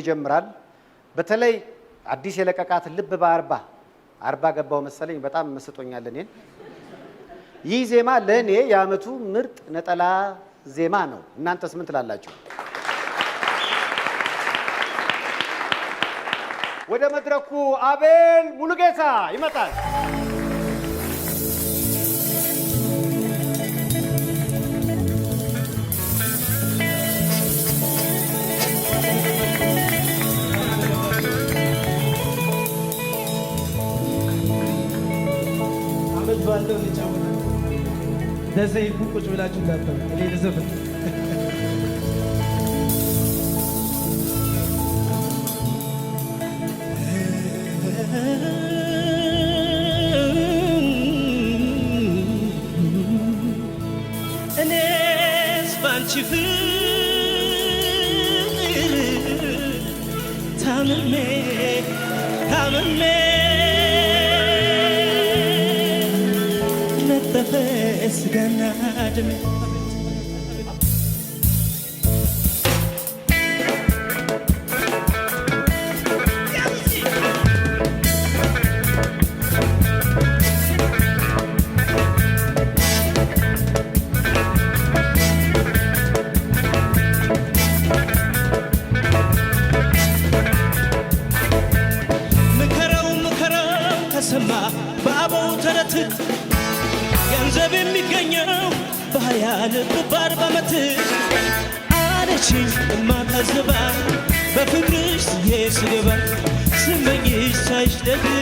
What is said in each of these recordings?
ይጀምራል። በተለይ አዲስ የለቀቃት ልብ በአርባ አርባ ገባው መሰለኝ በጣም መስጦኛል። እኔን ይህ ዜማ ለእኔ የአመቱ ምርጥ ነጠላ ዜማ ነው። እናንተስ ምን ትላላችሁ? ወደ መድረኩ አቤል ሙሉጌታ ይመጣል። እዘፍነዋለሁ፣ ልጫወታለሁ። ለዘይፉ ቁጭ ብላችሁ እንዳታው እኔ ልዘፍን እኔስ ባንቺ ፍቅር ታምሜ ታምሜ መንፈስ ድሜ የሚገኘው በሀያል ባር በአመት አለችኝ እማታዝባ በፍቅርሽ የስገባ ስመኝሽ ሳይሽ ደግሜ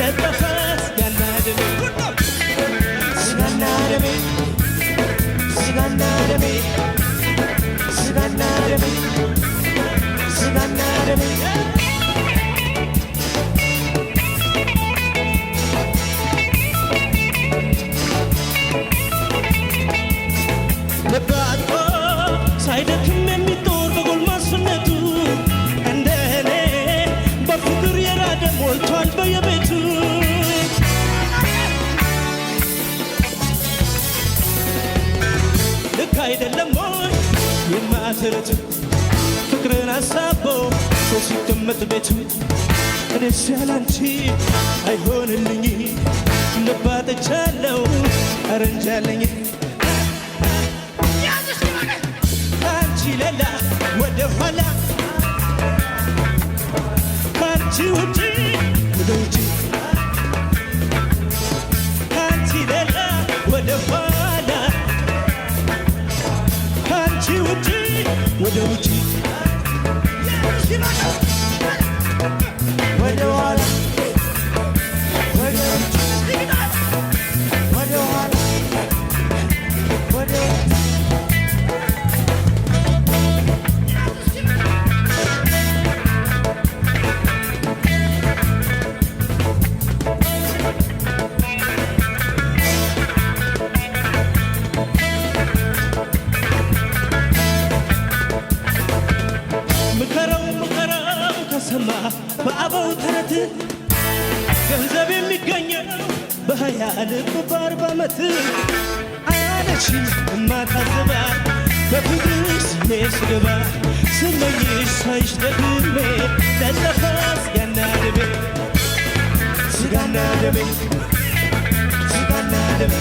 ጠጠፋ ስጋናደሜ ስጋናደሜ ስጋናደሜ መሰረት ፍቅርን አሳቦ ሰው ሲቀመጥ ቤት እኔ ሲያላንቺ አይሆንልኝ ነባጠቻለው አረንጃለኝ ተሰማ በአበው ተረት ገንዘብ የሚገኘው በሀያ ልብ በአርባ ዓመት አለችኝ እማታዘባ በፍቅር ስሜ ስገባ ስመኝሽ ሳይሽ ደግሜ ለጠፋ ስጋና ደሜ ስጋና ደሜ ስጋና ደሜ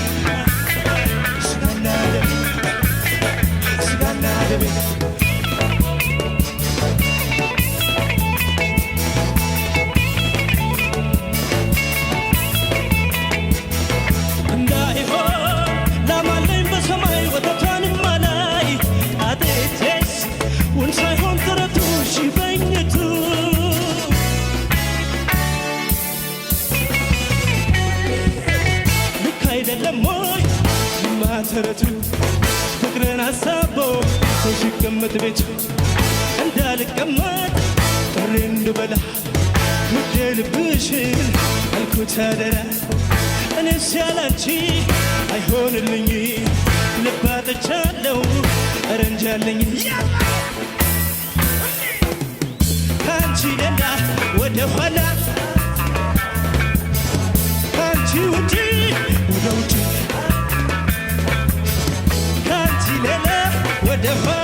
መሰረቱ ፍቅርን አሳቦ ሰው ሲቀመጥ ቤቱ እንዳልቀመጥ ጥሬ እንድበላ ውዴ ልብሽን አልኩት አደራ እኔስ ያላንቺ አይሆንልኝ ልብ አጥቻለሁ ኧረ እንጃ ካንቺ ገና ወደ ኋላ ካንቺ ውጪ different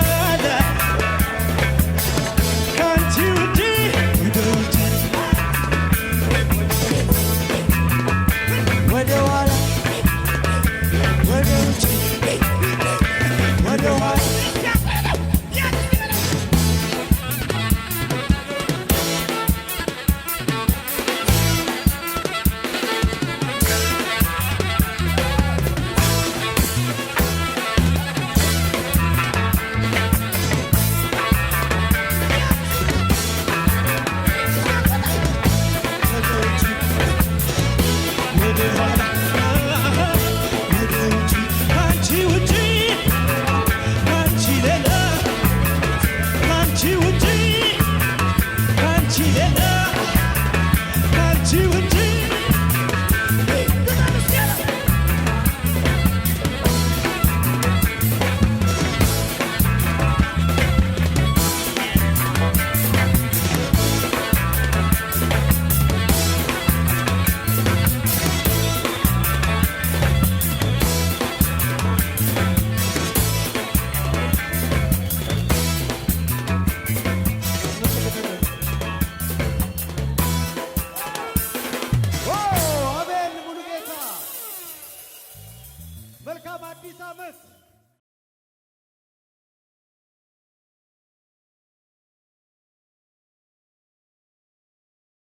Sabbath.